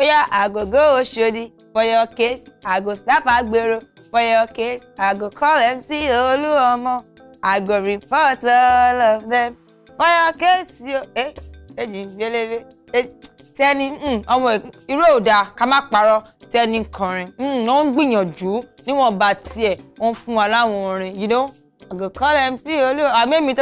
Oya I go go Oshodi for your case. I go slap Agbero for your case. I go call MC Oluomo. I go report all of them for your case. Yo, eh, eji belebe, eji tẹni ọmọ irú òdà ká má parọ́ tẹni kọrin hmm, ó ń gbìyànjú níwọ̀nba tiẹ̀ wọ́n fún wa láwọn orin you know I go call MC Oluomo àmì mi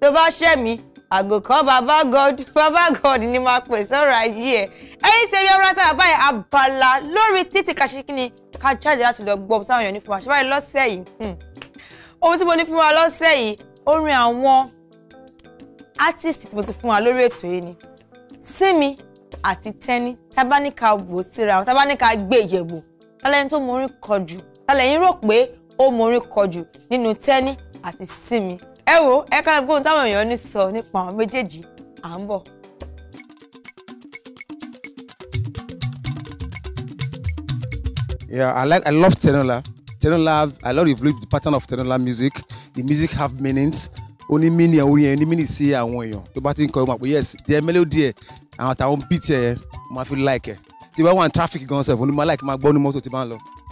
To bá share me àgùkọ́ Baba god Baba god ni máa pè sọ́ra yìí ẹ̀ ẹ̀yìn tẹ̀lé ọ̀rọ̀ tá a báyìí abala lórí títí kàṣíkìnì ká jáde láti lọ gbọ́ sáwọn èèyàn ní fún wa ṣe báyìí lọ́sẹ̀ yìí hmm. ohun tí mo ní fún wa lọ́sẹ̀ yìí orin àwọn artist tí mo ti fún wa lórí ètò yìí ni Simi àti Tẹ́ni tábáníkà wò síra wọn tábáníkà gbé ìyẹ̀wò tálẹ́yìn tó mọ orin kọ jù tálẹ́yìn rò pé ó mọ orin kọ jù nínú Tẹ́ni àti Simi ẹ wo ẹ kára gbóhùn táwọn èèyàn ní sọ nípa àwọn méjèèjì à ń bọ̀. Yeah, I like I love Tenola. Tenola, I love the, the pattern of Tenola music. The music have meanings. Only meaning. Only ní orin yẹn ní mí ní sí àwọn èèyàn up. yes the melody ẹ àwọn àtàwọn beat ẹ yẹn feel like it. tí bá wà ní traffic gan sef onímọ̀ like my gbọ́ ní mọ́tò tí bá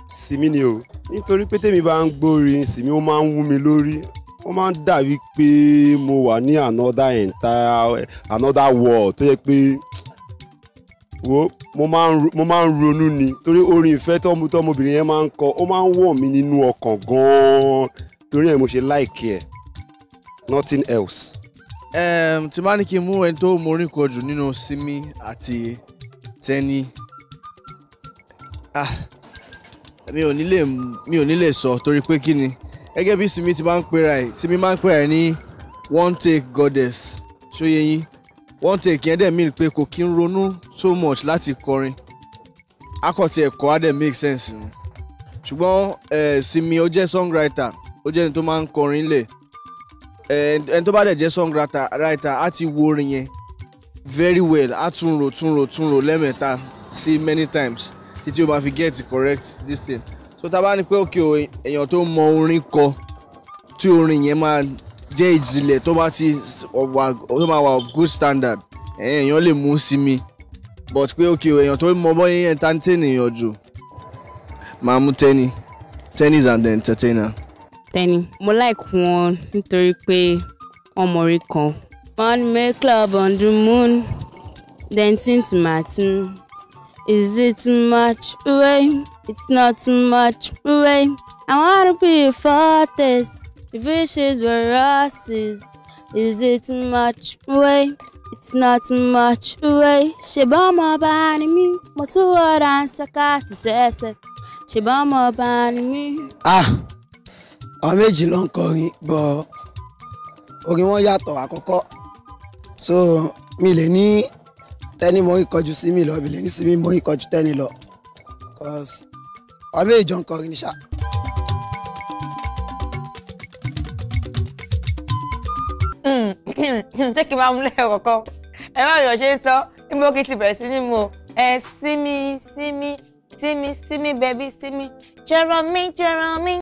Simi ni o nítorí pé tèmi bá ń gbórin Simi ó máa ń wú mi lórí ó máa ń dàbí pé mo wà ní another entire another world tó yẹ pé wo mo máa ń ronú ni torí orin ìfẹ́ tọ́mọbìnrin yẹn máa ń kọ ó máa ń wọ̀ mí nínú ọkàn gan-an torí ẹ̀ mo ṣe like ẹ̀ nothing else. Um, tí bá ní kí n mú ẹni tó morin kọ jù nínú Simi àti Tẹ́ni ah mi ò ní lè mi ò ní lè sọ torí pé kí ni gẹ́gẹ́ bí Simi ti máa ń pera ẹ̀ Simi máa ń pera ẹ̀ ní one take goddess ṣóyè yín one take yẹn dẹ̀ mean pé kò kí ń ronú so much láti kọrin akọ̀tì ẹ̀kọ́ á dẹ̀ make sense ni ṣùgbọ́n Simi ó jẹ́ songwriter ó jẹ́ ẹni tó máa ń kọrin lẹ̀ ẹni tó bá dẹ̀ jẹ́ songwriter á ti wo orin yẹn very well á tún rò tún rò tún rò lẹ́mẹ̀ta sí many times títí o máa fi get correct this thing so tá a bá ní pé òkè èèyàn tó mọ orin kọ tí orin yẹn máa jẹ́ ìjìnlẹ̀ tó bá ti tó máa wà of good standard èèyàn lè mú sí but pé òkè èèyàn tó mọ bọ́yẹn entertain èèyàn jù máa mú tẹ́ni tẹ́ni is an entertainer. tẹ́ni mo like wọn nítorí pé wọ́n mọ orin kan. one may club on the moon dancing to is it much way. It's not much way. I wanna be a fortress. If wishes were roses, is it much way? It's not much way. She ọmọ ọba ni mí, mo tún wọ ranṣaka ti ṣẹ̀ṣẹ̀. Ṣèbọn ọmọ ọba ni mí. Ah! Àwọn méjì ló ń kọrin bọ̀ orin wọn yàtọ̀ àkọ́kọ́. So mi tell me tẹ́ni you ń kọjú sí mi lọ, mi lè ní sí mi mo ń kọjú tẹ́ni lọ. Cause ọmọ ìjọ ń kọrin ní sá. ṣé kí n máa mú lẹ́yìn kọ̀ọ̀kan ẹ má yọ̀ ṣe é sọ níbo kí n ti bẹ̀rẹ̀ sí ní mo ẹ sími sími sími sími bẹ́bí sími Jeremy Jeremy.